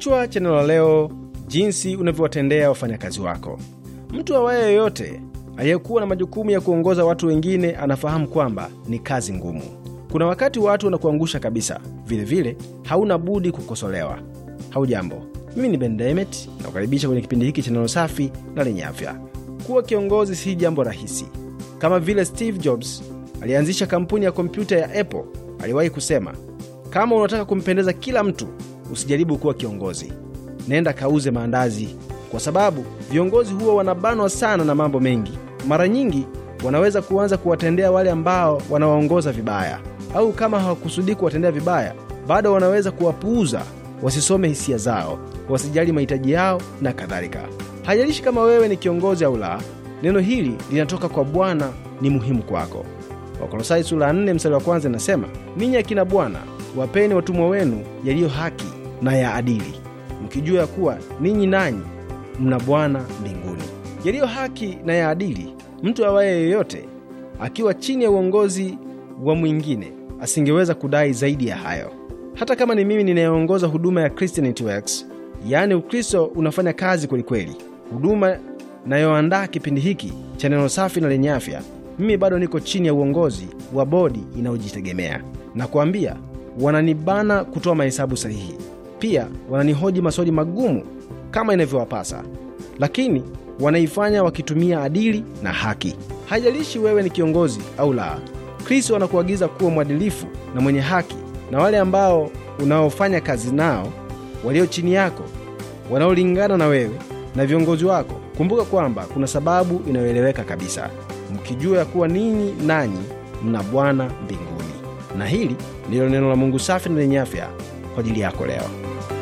Kichwa cha neno la leo: jinsi unavyowatendea wafanyakazi wako. Mtu awaye yoyote aliyekuwa na majukumu ya kuongoza watu wengine anafahamu kwamba ni kazi ngumu. Kuna wakati watu wanakuangusha kabisa, vilevile hauna budi kukosolewa. Haujambo, mimi ni Ben Demet na kukaribisha kwenye kipindi hiki cha neno safi na lenye afya. Kuwa kiongozi si jambo rahisi. Kama vile Steve Jobs alianzisha kampuni ya kompyuta ya Apple, aliwahi kusema, kama unataka kumpendeza kila mtu usijaribu kuwa kiongozi, nenda kauze maandazi, kwa sababu viongozi huwa wanabanwa sana na mambo mengi. Mara nyingi wanaweza kuanza kuwatendea wale ambao wanawaongoza vibaya, au kama hawakusudii kuwatendea vibaya, bado wanaweza kuwapuuza, wasisome hisia zao, wasijali mahitaji yao na kadhalika. Haijalishi kama wewe ni kiongozi au la, neno hili linatoka kwa Bwana ni muhimu kwako. Wakolosai sura 4 mstari wa kwanza inasema, ninyi akina bwana, wapeni watumwa wenu yaliyo haki na ya adili, mkijua ya kuwa ninyi nanyi mna Bwana mbinguni. Yaliyo haki na ya adili, mtu awaye yoyote akiwa chini ya uongozi wa mwingine asingeweza kudai zaidi ya hayo. Hata kama ni mimi ninayeongoza huduma ya Christianity Works, yaani Ukristo unafanya kazi kwelikweli, huduma nayoandaa kipindi hiki cha neno safi na lenye afya, mimi bado niko chini ya uongozi wa bodi inayojitegemea. Nakwambia, wananibana kutoa mahesabu sahihi. Pia wananihoji maswali magumu kama inavyowapasa, lakini wanaifanya wakitumia adili na haki. Haijalishi wewe ni kiongozi au la, Kristo anakuagiza kuwa mwadilifu na mwenye haki na wale ambao unaofanya kazi nao, walio chini yako, wanaolingana na wewe na viongozi wako. Kumbuka kwamba kuna sababu inayoeleweka kabisa, mkijua ya kuwa ninyi nanyi mna Bwana mbinguni. Na hili ndilo neno la Mungu safi na lenye afya kwa ajili yako leo.